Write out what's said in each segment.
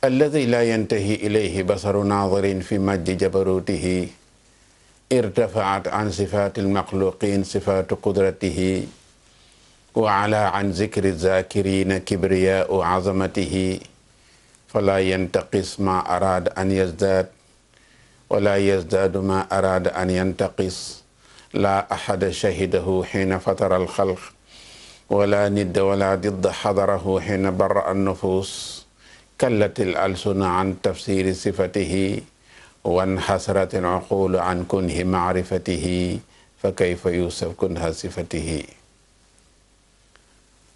alladi la yantahi ilayhi basaru naadirin fi majdi jabarutihi irtafaat an sifaati almaxluqin sifaatu qudratihi wa ala an zikri zakirina kibriyaau azamatihi fala yantaqis ma araada an yazdaad wala yazdaadu ma araada an yantaqis laa axada shahidahu xiina fatara alxalq wala nidda wala didda xadarahu xiina barra annufus kallatil alsuna an tafsiri sifatihi wan xasratil uqulu an kunhi maarifatihi fa kayfa yusaf kunha sifatihi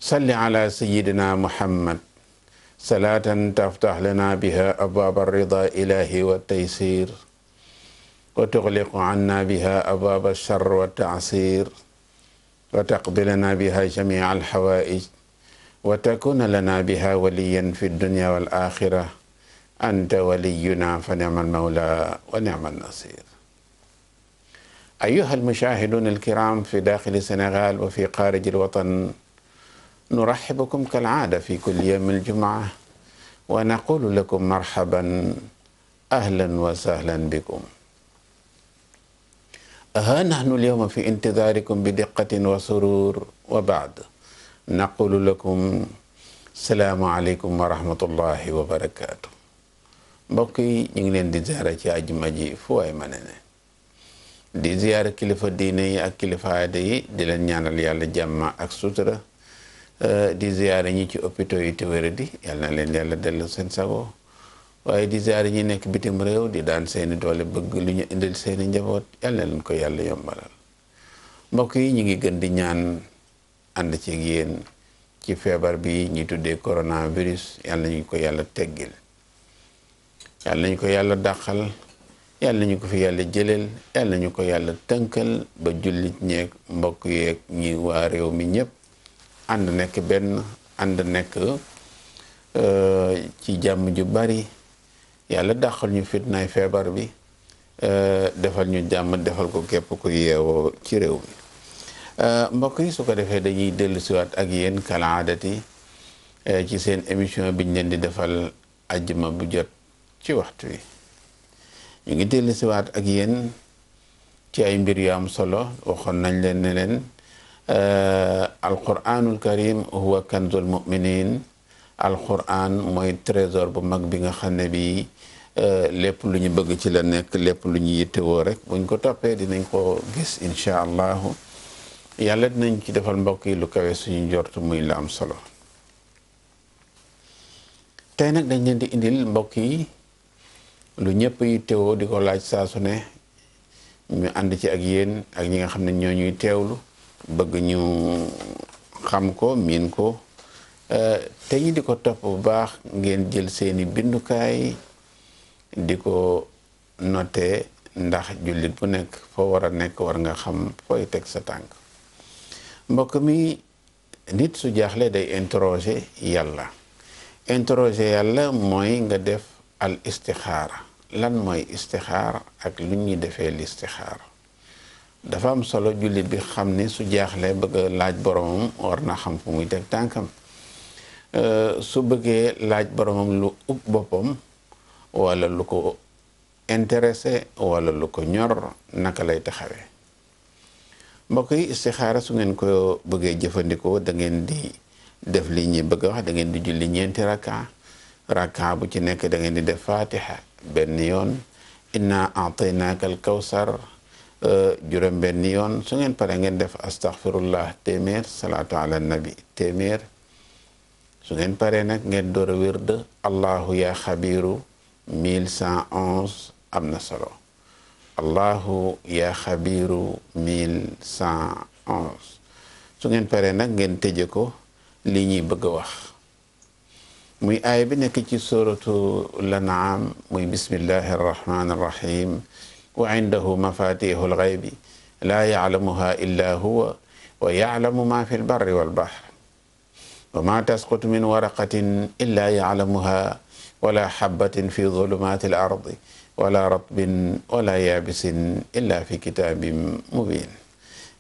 salli ala sayidina muhammad salaatan taftax lana biha abwaab arrida ilahi wa taysir wa tuxliqu anna biha abwaab alchar wa taasir wa taqdi lana biha jamia alxawaij wa takuna lana biha waliyan fi dunya wal axira anta waliyuna fa ni'mal mawla wa ni'mal nasir أيها المشاهدون الكرام في داخل السنغال وفي خارج الوطن نرحبكم كالعادة في كل يوم الجمعة ونقول لكم مرحبا أهلا وسهلا بكم ها نحن اليوم في انتظاركم بدقة وسرور وبعد naqulu lakum salaamualeykum wa rahmatullahi wa barakaatu mbokk yi ñu ngi leen di ziara ci ajuma ji fu waay ma ne di ziara kilifa diine yi ak kilifa aada yi di leen ñaanal yàlla jàmma ak sutura eh, di ziara ñi ci hôpitaux yi te wéradi yàlla na leen yàlla dellu seen sago waaye di ziara ñi nekk bitim réew di daan seeni doole bëgg lu ñu indil seeni njaboot yàlla leen ko yàlla yombalal mbokk yi ñu ngi gën di ñaan. ànd ci yéen ci feebar bi ñi tuddee coronavirus yàlla nañu ko yàlla teggil yàlla nañu ko yàlla dàqal yàlla nañu ko fi yàlla jëleel yàlla nañu ko yàlla tënkal ba jullit ñeeg mbokk yeeg ñi waa réew mi ñëpp ànd nekk benn ànd nekk euh, ci jàmm ju bari yàlla dàqal ñu fitnaay feebar bi euh, defal ñu jàmm defal ko képp ku yeewoo ci réew mi Euh, mbokk yi su ko defee dañuy dellusiwaat ak yéen kala aadati euh, ci seen émission biñ leen di defal ajjuma bu jot ci waxtu wi ñu ngi dellu siwaat ak yéen ci ay mbir yu am solo waxoon nañ leen ne leen euh, alquranul karim huwa kanzul muminin alquran mooy trésor bu mag bi nga xam ne bi lépp lu ñu bëgg ci la nekk lépp lu ñu yittewoo rek buñ ko toppee dinañ ko gis incha allahu yàlla dinañ ci defal mbokk yi lu kawe suñu njort muy la am solo tey nag dañ leen di indil mbokk yi lu ñëpp yi tewoo di ko laaj saa ne ñu ànd ci ak yéen ak ñi nga xam ne ñoo ñuy teewlu bëgg ñu xam ko miin ko euh, te ñi di ko topp bu baax ngeen jël seeni bindukaay di ko noté ndax jullit bu nekk foo war a nekk war nga xam fooy teg sa tànk mbokk mi nit su jaaxle day interroger yàlla interroger yàlla mooy nga def al istixaara lan mooy istixaara ak lu ñuy defee listixaara dafa am solo jullit bi xam ni su jaaxle bëgg laaj boromam war na xam fu muy teg tànkam euh, su bëggee laaj boromam lu ub boppam wala lu ko intéressé wala lu ko ñor naka lay taxawee mbokk yi istixaara su ngeen ko bëggee jëfandikoo da ngeen di def li ñuy bëgg wax da ngeen di julli ñeenti rakka rakka bu ci nekk da ngeen di def fatiha benn yoon inna ataynaaka al kawsar euh, juróom benn yoon su ngeen pare ngeen def astaghfirullah téeméer salaatu ala nabi téeméer su ngeen paree nag ngeen door a wérd allahu yaa xabiru 1111 am na solo allahu ya xabiru mille cent onze su ngeen paree nag ngeen tëje ko li ñuy bëgg a wax muy aaya bi nekk ci suratu lanaam muy bismillahi arrahmani arrahim wa indahu mafatihu alxaybi laa yaclamuha illa huwa wa yaclamu ma fi lbarri walbaxr wa ma tasqutu min waraqatin illa yaclamuha wala xabatin fi zulumaati al ardi wala ratbin wala yaabisin illa fi kitaabim mubin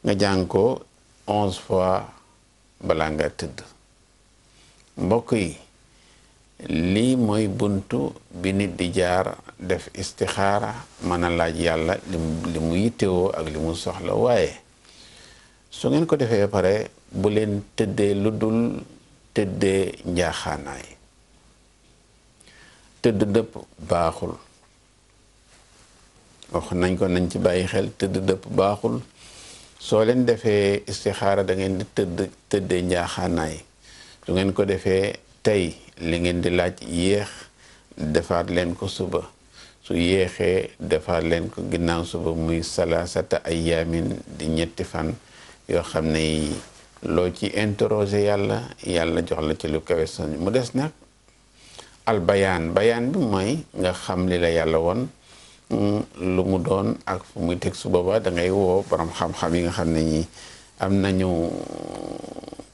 nga jàng ko onze fois balaa nga tëdd mbokk yi lii mooy buntu bi nit di jaar def istixaara mën a laaj yàlla li mu ak li soxla waaye su ngeen ko defee pare bu leen tëddee lu dul tëddee njaaxaanaay tëdd dëpp baaxul wax nañ ko nañ ci bàyyi xel tëdd dëpp baaxul soo leen defee istixaara da ngeen di tëdd tëddee njaaxaanaay su ngeen ko defee tey li ngeen di laaj yéex defaat leen ko suba su yéexee defaat leen ko ginnaaw suba muy salaasata ayyaamin di ñetti fan yoo xam ne loo ci interroger yàlla yàlla jox la ci lu kawe sañ mu des nag al bayaan bayaan bi mooy nga xam li la yàlla woon lu mu doon ak fu muy teg su booba da ngay woo borom xam-xam yi nga xam ne ñi am nañu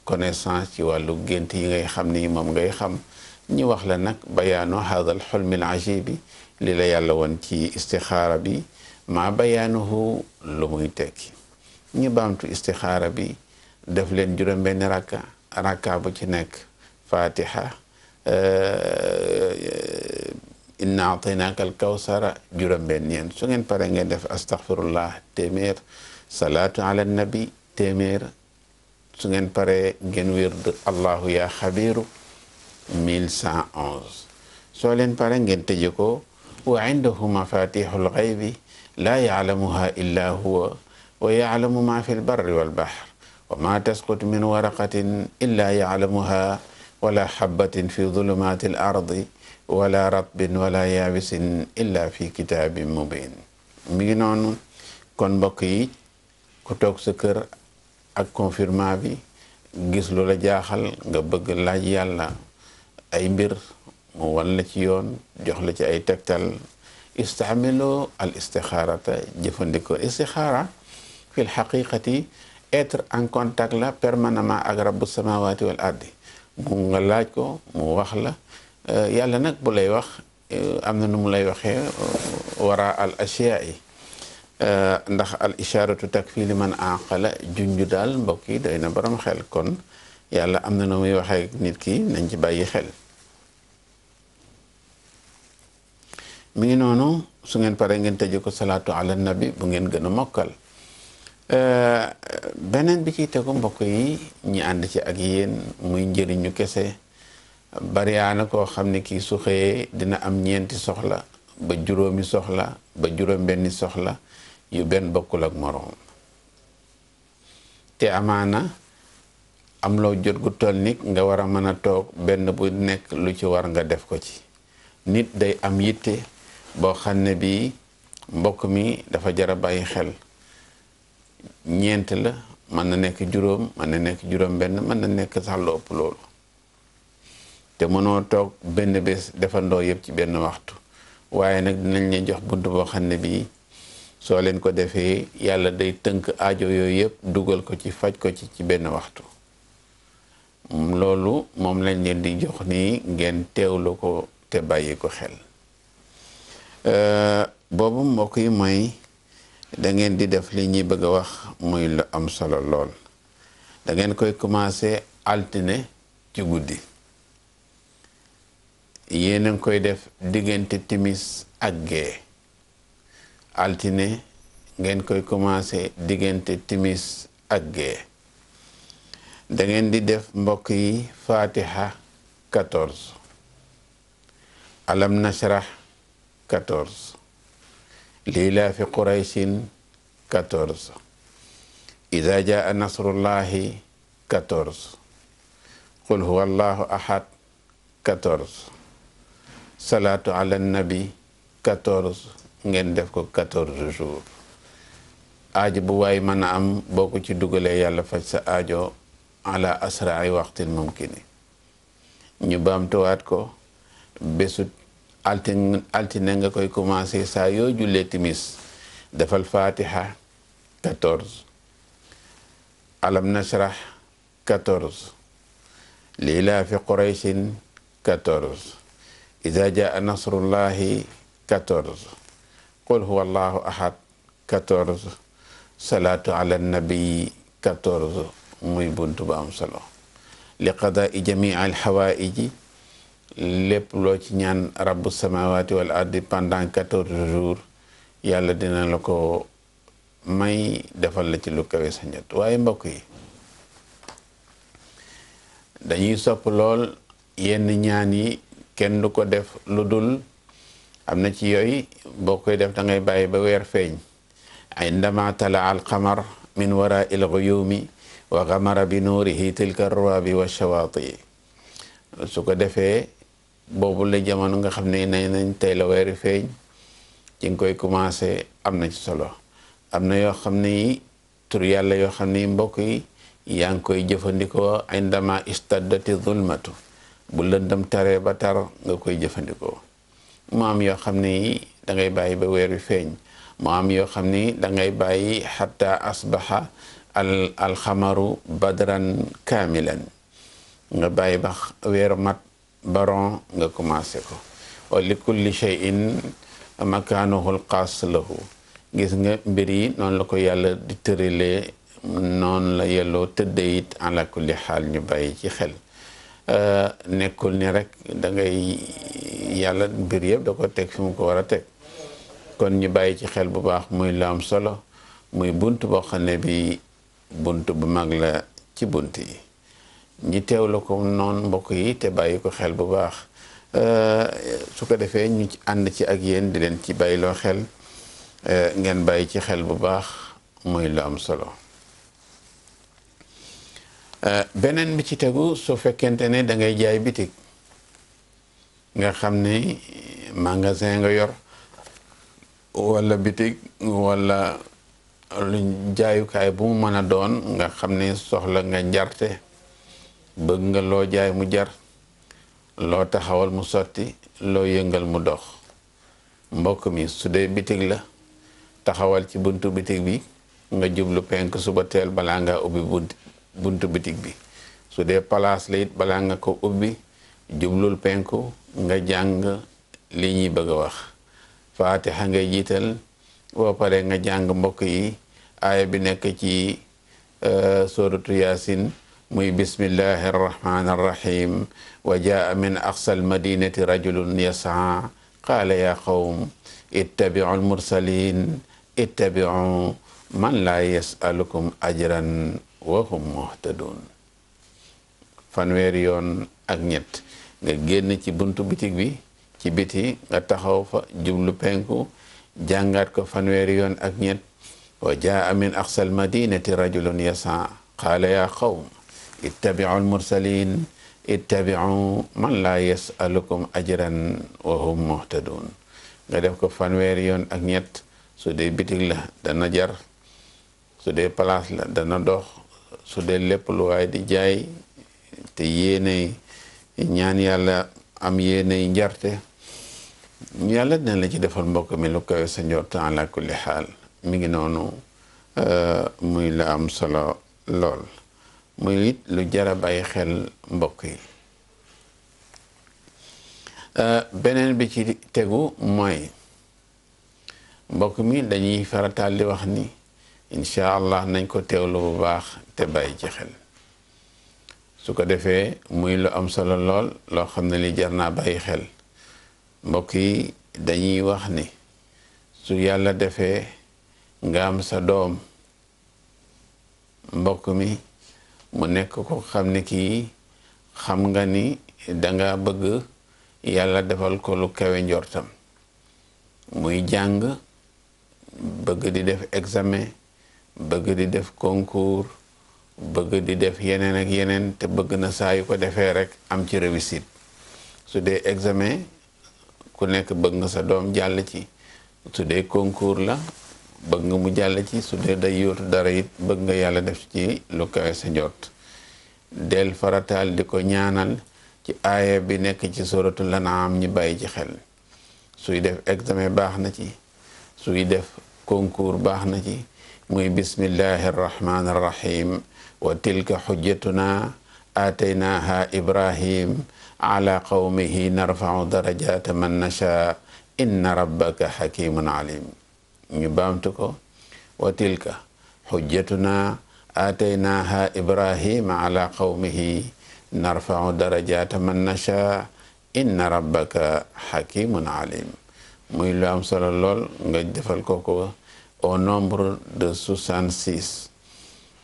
connaissance ci wàllu gént yi ngay xam ni moom ngay xam ñu wax la nag bayaanu haadal xulmil ajibi li la yàlla woon ci istixaara bi maa bayaanuhu lu muy tekki ñu baamtu istixaara bi def leen juróom-benn rakka rakka bu ci nekk fatiha euh, inna ataynaaka al kawsara juróom-benn ñeent su ngeen pare ngeen def astaghfirullah téeméer salaatu ala nabi téeméer su ngeen pare ngeen wird allahu yaa xabiru 1111 soo leen pare ngeen tëje ko wa indahu mafatihul xaybi laa yaalamuha illa huwa wa yaalamu ma fi lbarri walbaxr wa ma tasqut min waraqatin illa yaalamuha wala xabatin fi zulumaati al ardi wala ratbin wala yaabisin illa fi kitaabin mubin mi ngi noonu kon mbokk yi ku toog sa kër ak confinement bi gis lu la jaaxal nga bëgg laaj yàlla ay mbir mu wal la ci yoon jox la ci ay tegtal istaamilo al istixaarata jëfandikoo istixaara fi lxaqiqati être en contact la permanemment ak rabbu samawaati wal ardi mu nga laaj ko mu wax la Euh, yàlla nag bu lay wax euh, am na nu mu lay waxee euh, wara al asiyaa yi ndax al isharatu takfi li man aqala junju daal mbokk yi doy na borom xel kon yàlla am na nu muy waxee nit ki nañ ci bàyyi xel mu ngi noonu su ngeen pare ngeen tëje ko salaatu ala nabi bu ngeen gën a mokkal beneen bi ciy tegu mbokk yi ñi ànd ci ak yéen muy njëriñu kese bariyaana koo xam ne kii su xëyee dina am ñeenti soxla ba juróomi soxla ba juróom benni soxla yu benn bokkul ak moroom te amaana am loo jot gu toll ni nga war a mën a toog benn bu nekk lu ci war nga def ko ci nit day am yitte boo xam ne bii mbokk mi dafa jara bàyyi xel ñeent la mën na nekk juróom mën na nekk juróom benn mën na nekk sax lu ëpp loolu te mënoo toog benn bés defandoo yëpp ci benn waxtu waaye nag dinañ leen jox bunt boo xam ne bii soo leen ko defee yàlla day tënk ajo yooyu yëpp dugal ko ci faj ko ci ci benn waxtu loolu moom lañ leen di jox nii ngeen teewlu ko te bàyyi ko xel boobu mbokk yi moy da ngeen di def li ñuy bëgg a wax muy lu am solo lool dangeen koy commencé altine ci guddi yéen a ngi koy def diggante timis ak gee altine ngeen koy commencé diggante timis ak gee da di def mbokk yi fatiha 14 alam nashrah 14 liilaafi qurayshin 14 ida jaa nasrullahi 14 qul huwa allahu ahad 14 salaatu ala nabi quatorze ngeen def ko quatorze jours aajo bu waay mën a am boo ci dugalee yàlla faj sa ajo aajo ala asraai waxtin mumkini ñu baamtuwaat ko bésu altine nga koy commencé saa yoo jullee timis defal fatiha quatorze alam nashrah quatorze liilaafi qurayshin quatorze ida jaa nasrullahi 14 qul huwa allahu ahad 14 salaatu ala nabii 14 muy bunt ba am solo li qadaai jamii alxawaaiji lépp loo ci ñaan rabbu samawati wal ardi pendant 14 jours yàlla dina la ko may defal la ci lu kawe sa njot waaye mbokk yi dañuy sopp lool yenn ñaan yi kenn du ko def lu dul am na ci yooyu boo koy def da ngay bàyyi ba weer feeñ indama tala al qamar min wara il guyumi wa gamara bi nuurihi tilka ruwabi wa shawaati su ko defee boobu le jamono nga xam ne nañ nañ tey la weeri feeñ ci nga koy commencé am na ci solo am na yoo xam ne tur yàlla yoo xam ne mbokk yi yaa ngi koy jëfandikoo indama istadati zulmatu bu lëndëm taree ba tar nga koy jëfandikoo mu am yoo xam ni da ngay bàyyi ba weer feeñ mu am yoo xam ni da ngay bàyyi xataa asbaxa al alxamaru badran kaamilan nga bàyyi ba weer mat baron nga commencé ko wa li kulli cheyin makaanuhu lxaas lahu gis nga mbir yi noonu la ko yàlla di tëralee noonu la yelloo tëdde it ala xaal ñu bàyyi ci xel Euh, nekkul ni rek da ngay yàlla mbir yëpp da ko teg fi mu ko war a teg kon ñu bàyyi ci xel bu baax muy lu am solo muy bunt boo xam ne bi bunt bu mag la ci bunt yi ñi teewlu ko noon mbokk yi te bàyyi ko xel bu baax euh, su ko defee ñu ànd ci ak yéen di leen ci bàyyiloo xel euh, ngeen bàyyi ci xel bu baax muy lu am solo Euh, beneen bi ci tegu su fekkente ne dangay jaay bitig nga xam ni magasin nga yor walla bitig wala lu jaayukaay bu mu mën a doon nga xam ni soxla nga njarte bëgg nga loo jaay mu jar loo taxawal mu sotti loo yëngal mu dox mbokk mi su dee bitig la taxawal ci buntu bitig bi nga jublu penk suba teel balaa ngaa ubbi bunti bunt bitik bi su de palace la it nga ko ubbi jublul penku nga jàng li ñuy bëgg a wax faatixa nga jiital boo paree nga jàng mbokk yi aaya bi nekk ci euh, suratu yaasin muy bismillahi arrahmani arrahim wa jaa min aqsa almadinati rajulun yasaa qaala ya qawm ittabiu almursalin ittabiu man la yasalukum ajran wa hum muhtadun yoon ak ñett nga génn ci buntu bitik bi ci biti nga taxaw fa jublu penku jàngat ko fanweer yoon ak ñett wa jaa min aqsal madinati rajulun yasa qaala ya qawm ittabiu almursalin ittabiu man laa yasalukum ajran wa hum nga def ko fanweeri yoon ak ñett su dee bitig la dana jar su dee place la dana dox su dee lépp lu waay di jaay te yéenay ñaan yàlla am yéenay njarte yàlla dina la ci defal mbokk mi lu kawe sa njort ala kulli xaal mi ngi noonu euh, muy la am solo lool muy it lu jara bàyyi xel mbokk yi euh, beneen bi ci tegu mooy mbokk mi dañuy farataal li wax ni incha allah nañ ko teewlu bu baax te bàyyi ci xel su ko defee muy lu am solo lool loo xam ne li jar naa bàyyi xel mbokk yi dañuy wax ni su yàlla defee nga am sa doom mbokk mi mu nekk ko xam ne kii xam nga ni danga bëgg yàlla defal ko lu kawe njortam muy jàng bëgg di def examen bëgg di def concours bëgg di def yeneen ak yeneen te bëgg na saa yu ko defee rek am ci réussite su dee examen ku nekk bëgg nga sa doom jàll ci su dee concours la bëgg nga mu jàll ci su dee day yóotu dara it bëgg nga yàlla def ci lu kawe sa njort del farataal di ko ñaanal ci aaya bi nekk ci soratu lanaam ñi bàyyi ci xel suy def examen baax na ci suy def concours baax na ci muy bismillahi wa tilka xujjatuna aataynaaha ibrahim ala qawmihi narfau darajata man nacha inna rabbaka xakimun alim ñu baamtu ko wa tilka xujjatuna aataynaaha ibrahim ala qawmihi narfau darajata man nacha inna rabbaka xakimun alim muy lu am solo lool nga defal ko ko au nombre de soixante-six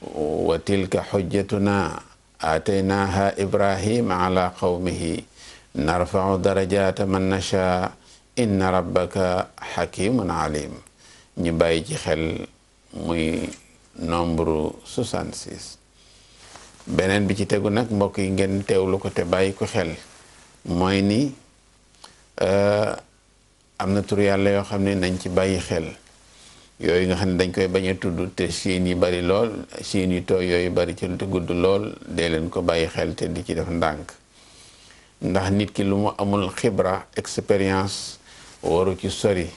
wa tilka xujjatuna aataynaaha ibrahima ala qawmihi narfau darajata man nacha inna rabbaka xakimun alim ñu bàyyi ci xel muy nombre 66 beneen bi ci tegu nag mbokk yi ngeen teewlu ko te bàyyi ko xel mooy ni euh, am na tur yàlla yoo xam ne nañ ci bàyyi xel yooyu nga xam ne dañ koy bañ a tudd te siin yi bari lool siin yu tooy yooyu bari ci te gudd lool dee leen ko bàyyi xel te di ci def ndànk ndax nit ki lu mu amul xibra expérience waru ci sori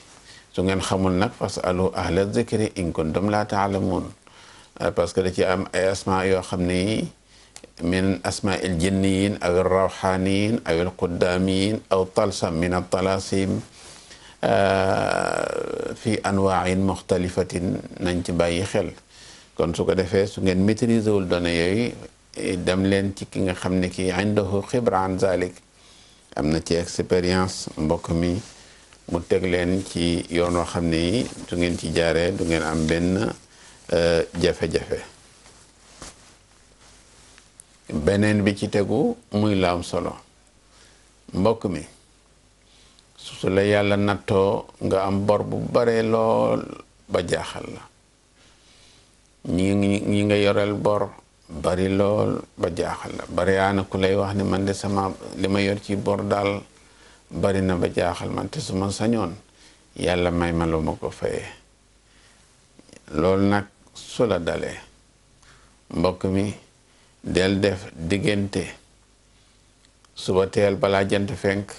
su ngeen xamul nag fasalu ahla zikri in kuntum laa taalamuun parce que da ci am ay yoo xam ne yi min asma il jinniyin aw il rawxaaniyin aw il aw talsam min al talasim Euh, fi anwaain muxtalifatin nañ ci bàyyi xel kon su ko defee su ngeen maîtriser wul données yooyu eh, dem leen ci ki nga xam ne kii indahu xibra an zalik am na ci expérience mbokk mi mu teg leen ci yoon woo xam ne yi su ngeen ci jaaree du ngeen am benn euh, jafe-jafe beneen bi ci tegu muy la am solo mbokk mi su la yàlla nattoo nga am bor bu bare lool ba jaaxal la ñi nga yoreel bor bari lool ba jaaxal la bari aana ku lay wax ne man de sama li ma yor ci bor daal bari na ba jaaxal man te su ma sañoon yàlla may ma lu ma ko fayee loolu nag su la dalee mbokk mi del def diggante suba teel balaa jant fenk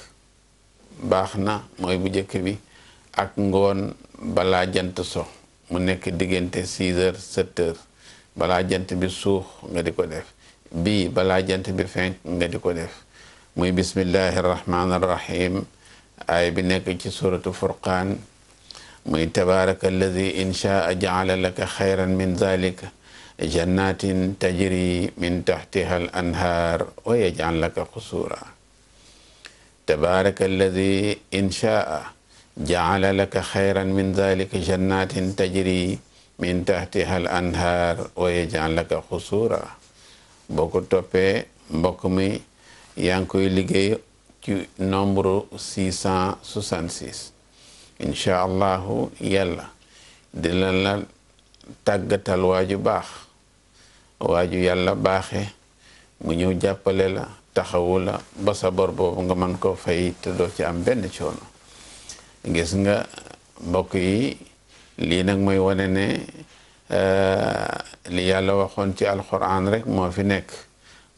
baax na mooy bu njëkk bi ak ngoon balaa jant so mu nekk diggante six heures sept heures balaa jant bi suux nga di ko def bii balaa jant bi fenk nga di ko def muy bismillahi rahmaani rahim ay bi nekk ci suratu furqaan muy tabaraka alladi in shaa jaala laka xayran min zalika jannatin tajri min taxtiha al anhaar wa yajal laka xusuura tabaraka alladi inchaa jacala laka xayran min dalika jannatin tajri min taxtiha al anhaar wa yajcal laka xusuura boo ko toppee mi yaa ngi koy liggéey ci nombre 666 inchaa allahu yàlla dina la tàggatal waaju baax yàlla baaxe mu ñëw jàppale la taxawu la ba sa bor boobu nga mën koo fay te doo am benn coono gis nga mbokk yi lii nag mooy wane ne eh, li yàlla waxoon ci alquran rek moo fi nekk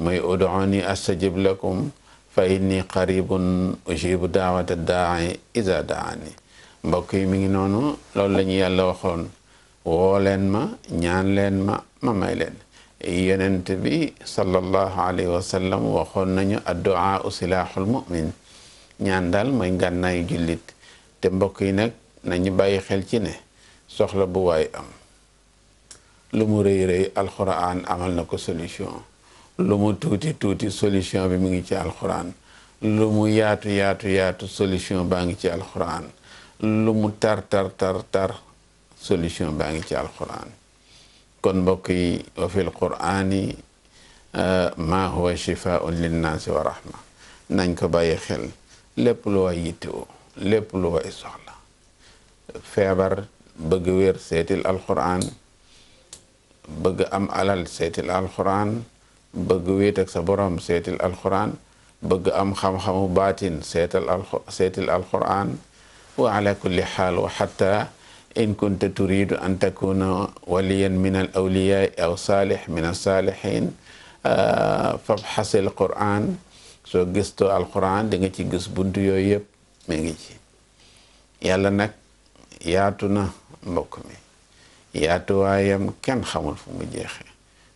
mooy uduuni astajib lakum fa inni qaribun ujibu daawata daai iza daani mbokk yi mi ngi noonu loolu la ñu yàlla waxoon woo leen ma ñaan leen ma ma may leen yonent bi sallallahu alayhi wa sallam waxoon nañu addu'a u silaaxul mu'min ñaan daal mooy ngànnaayu jullit te mbokk yi nag nañu bàyyi xel ci ne soxla bu waay am lu mu rëy rëy amal na ko solution lu mu tuuti tuuti solution bi mu ngi ci alxuraan lu mu yaatu yaatu yaatu solution baa ngi ci alxuraan lu mu tar tar tar solution baa ngi ci alxuraan kon mbokk yi wa fil qur'ani eh, ma huwa shifaun linnaasi wa rahma nañ ko bàyyi xel lépp lu way yittewoo lépp lu way soxla feebar bëgg wér seetil alquran bëgg am alal seetil alquran bëgg wéet ak sa borom seetil alquran bëgg am xam-xamu baatin seetal al seetil alquran wa ala kulli xaal wa xatta in kunta turidu an takuna waliyan min al awliyai aw salih min al salihin fabxasil quran soo gëstoo alquran di nga ci gis buntu yooyu yëpp mi ngi ci yàlla nag yaatu na mbokk mi yaatuwaayam kenn xamul fu mu jeexe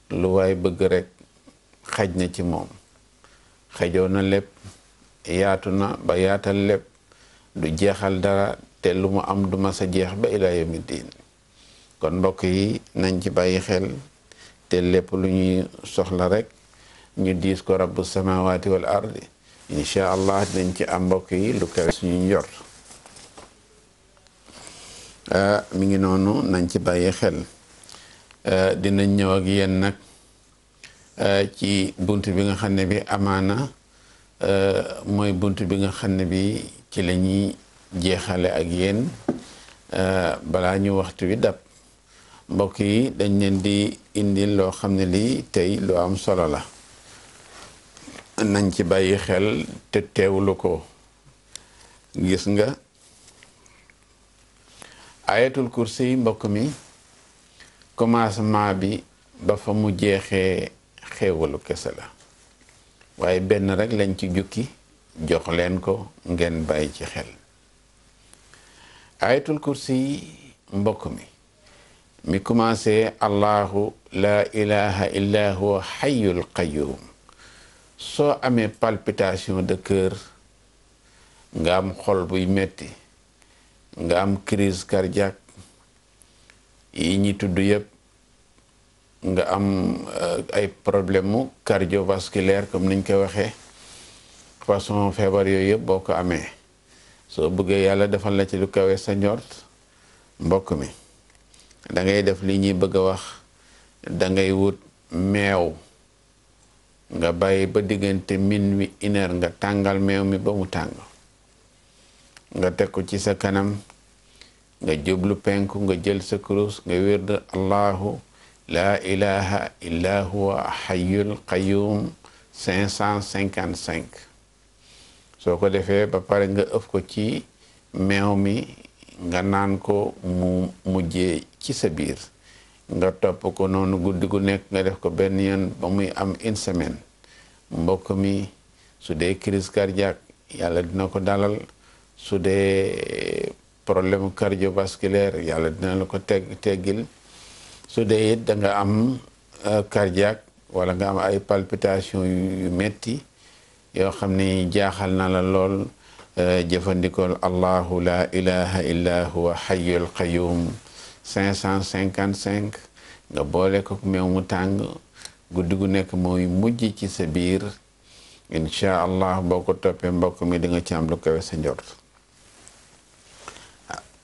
lu waay bëgg rek xaj na ci moom xajoo na lépp yaatu na ba yaatal lépp du jeexal dara te lu mu am du mas a jeex ba ilaa yawmi diin kon mbokk yi nañ ci bàyyi xel te lépp lu ñuy soxla rek ñu diis ko rabbu samawati wal ardi incha allah dañ ci am mbokk yi lu kawe suñu njort ah, mi ngi noonu nañ ci bàyyi xel ah, dinañ ñëw ak yéen nag ah, ci bunt bi nga xam ne bi amaana mooy bunt bi nga xam ne bi ci la ñuy jeexale ak yéen euh, balaa ñu waxtu wi dab mbokk yi dañ leen di indi loo xam ne lii tey lu am solo la nañ ci bàyyi xel te teewlu ko gis nga ayatul kursi yi mbokk mi commencement bi ba fa mu jeexee xewalu kese la waaye benn rek lañ ci jukki jox leen ko ngeen bàyyi ci xel ayatul kursi yi mbokk mi mi commencé allahu laa ilaha illa huwa qayum soo amee palpitation de cœur nga am xol buy metti nga am crise cardiaque yi ñi tudd yëpp nga am euh, ay problème mu cardiovasculaire comme niñ ko waxee façon feebar yooyu yëpp boo ko amee soo bëggee yàlla defal la ci lu kawee sa njoot mbokk mi da ngay def li ñuy bëgg a wax da ngay wut meew nga bàyyi ba diggante min wi une nga tàngal meew mi ba mu tàng nga teg ko ci sa kanam nga jublu penku nga jël sa kurus nga wérd allahu laa ilaha illa huwa xayul cinquante cinq soo ko defee ba pare nga ëf ko ci meew mi nga naan ko mu mujjee ci sa biir nga topp ko noonu guddi gu nekk nga def ko benn yoon ba muy am un semaine mbokk mi su dee crise cardiaque yàlla dina ko dalal su dee problème cardiovasculaire yàlla dina la ko teg teggil su dee it nga am euh, cardiaque wala nga am ay palpitation yu metti yoo xam ni jaaxal na la lool euh, jëfandikool allahu la ilaha illa huwa xayul qayum cent cinquante cinq nga boole ko meew mu tàng guddi gu nekk mooy mujj ci sa biir incha allah boo ko toppee mbokk mi di nga ci am lu kawe sa njort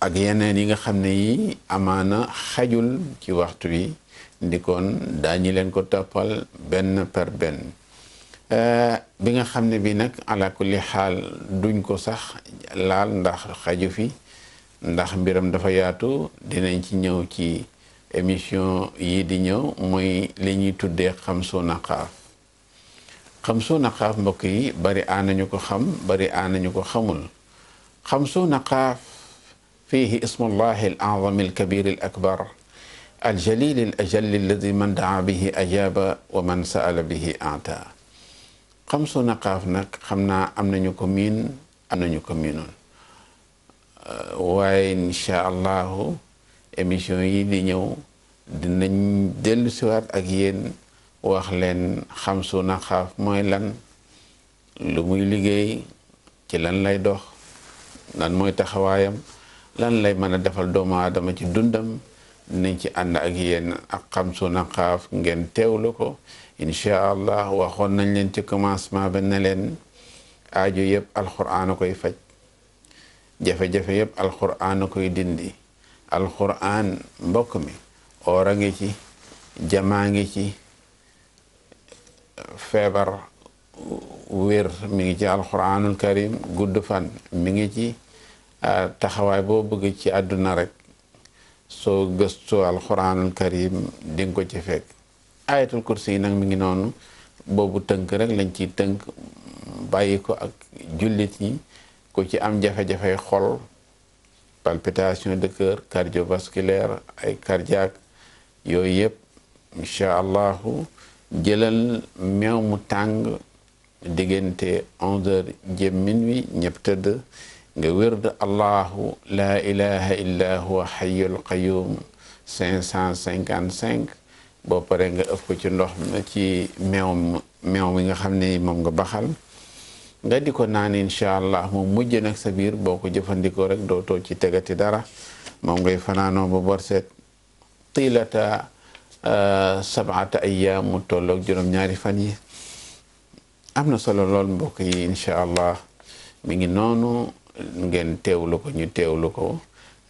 ak yeneen yi nga xam ne yi amaana xajul ci waxtu wi ndikoon daañu leen ko toppal benn par benn bi nga xam ne bii nag ala kulli xaal duñ ko sax laal ndax xaju fi ndax mbiram dafa yaatu dinañ ci ñëw ci émission yii di ñëw mooy li ñuy tuddee xam suu naqaaf xam suu naqaaf mbokk yi bari aanañu ko xam bari aanañu ko xamul xam suu naqaaf fiihi ismullahi al azam al kabir al akbar al jalil al ajal alladi man daa bihi ajaba wa man saala bihi ata xam su naqaaf nag xam naa am nañu ko miin am nañu ko miinoon euh, waaye incha allahu émission yi di ñëw dinañ dellu siwaat ak yéen wax leen xam su naqaaf mooy lan lu muy liggéey ci lan lay dox lan mooy taxawaayam lan lay mën a defal doomu aadama ci dundam dinañ ci ànd ak yéen ak xam su naqaaf ngeen teewlu ko incha allah waxoon nañ leen ci commencement ba ne leen aajo yëpp alxuraan a koy faj jafe-jafe yëpp alxuraan a koy dindi alxuraan mbokk mi oor a ngi ci jamaa ngi ci feebar wér mi ngi ci alxuraanul karim gudd fan mi ngi ci taxawaay bo bëgg ci àdduna rek soo gëstu alxuraanul karim di nga ko ci fekk ayatul kursi nag mi ngi noonu boobu tënk rek lañ ci tënk bàyyi ko ak jullit yi ku ci am jafe-jafe xol palpitation de cœur cardiovasculaire ay cardiaque yooyu yëpp incha allahu jëlal meew mu tàng diggante onze heures jëm minuit ñëpp tëdd nga wérd allahu laa ilaha illa huwa xayul qayum cinquante cinq boo paree nga ko ci ndox mi ci meew meew mi nga xam ne moom nga baxal nga di ko naan incha allah mu mujj nag sa biir boo ko jëfandikoo rek dootoo ci tegati dara moom ngay fanaanoo ba borset tiilata euh, sabata ayaam mu tollook juróom-ñaari fan yi am na solo lool mbokk yi incha allah mi ngi noonu ngeen teewlu ko ñu teewlu ko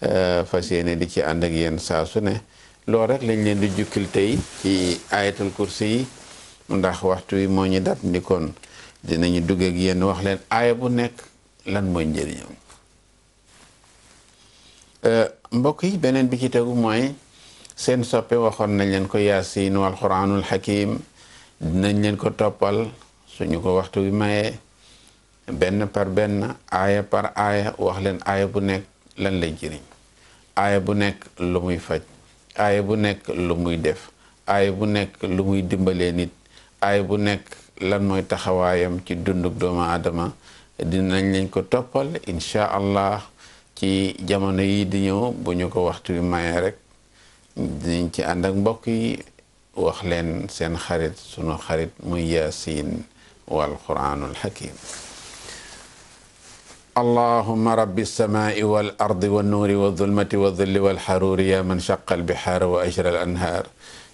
euh, fas yéene di ci ànd ak yéen saa su ne loolu rek lañ leen di jukkil tey ci ayatul kursi yi ndax waxtu wi mooñu ñu dat ni kon dinañu dugg ak yéen wax leen aaya bu nekk lan mooy njëriñam euh, mbokk yi beneen bi ci tegu mooy seen soppe waxoon nañ leen ko yaasiin wal quraanul hakiim dinañ leen ko toppal suñu ko waxtu wi mayee benn par benn aaya par aaya wax leen aaya bu nekk lan lay jëriñ aaya bu nekk lu muy faj aaya bu nekk lu muy def aaya bu nekk lu muy dimbalee nit aaya bu nekk lan mooy taxawaayam ci dunduk doomu aadama dinañ leen ko toppal incha allah ci jamono yii di ñëw bu ñu ko waxtu wi mayee rek dinañ ci ànd ak mbokk yi wax leen seen xarit sunu xarit muy yaasiin wal quraanul hakiim allahuma rabbi alsamai wal ardi wannuuri waldulmati waldilli walxaruuri ya man shaqa albihaara wa ajra alanhaar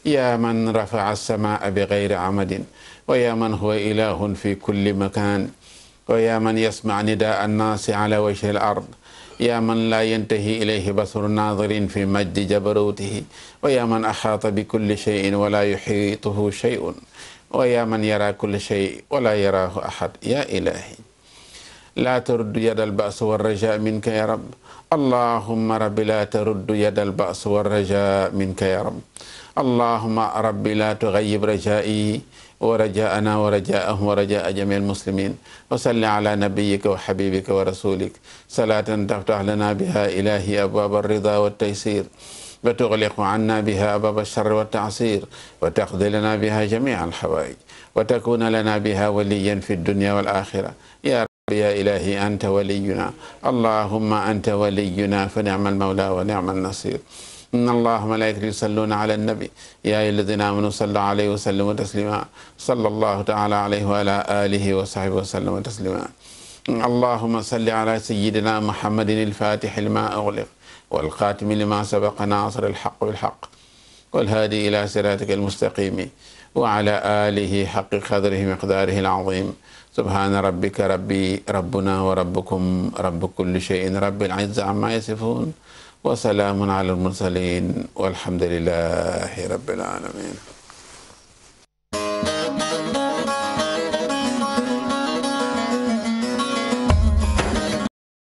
ya man rafaca alsamaa bigayri amadin wa ya man huwa ilahun fi kulli makan wa ya man yasmac nidaa annaasi ala wajhi alard ya man laa yantahi ilayhi basaru naadirin fi majdi jabarutihi wa ya man axaata bikulli sheyin wala yuxiituhu sheyun wa ya man yara kulli shey wala yaraahu axad ya ilahi laa taruddu yada albaas walraja minka ya rab allahuma rabbi laa taruddu yada albaas walraja minka ya rab allahuma rabbi laa tuxayib rajai wa rajaana wa rajaahum wa rajaa jami almuslimin wa salli ala nabiyika wa xabibika wa rasulik salaatan taftax lana biha ilahi abwaab alrida waltaysir wa tuxliqu anna biha abwaab alchar waltaasir wa taqdi lana biha jami alxawaij wa takuna lana biha waliyan fi dunya wal axira يا إلهي أنت ولينا اللهم أنت ولينا فنعم المولى ونعم النصير إن الله ملائكته يصلون على النبي يا أيها الذين آمنوا صلوا عليه وسلموا تسليما صلى الله تعالى عليه وعلى آله وصحبه وسلم تسليما اللهم صل على سيدنا محمد الفاتح لما أغلق والخاتم لما سبق ناصر الحق بالحق والهادي إلى صراطك المستقيم وعلى آله حق قدره مقداره العظيم subhaana rabbika rabbi rabbuna wa rabbukum rabbu kulli cheyin rabbil izza amma yasifun wa salaamun ala almursalin walhamdulilahi rabbil alamin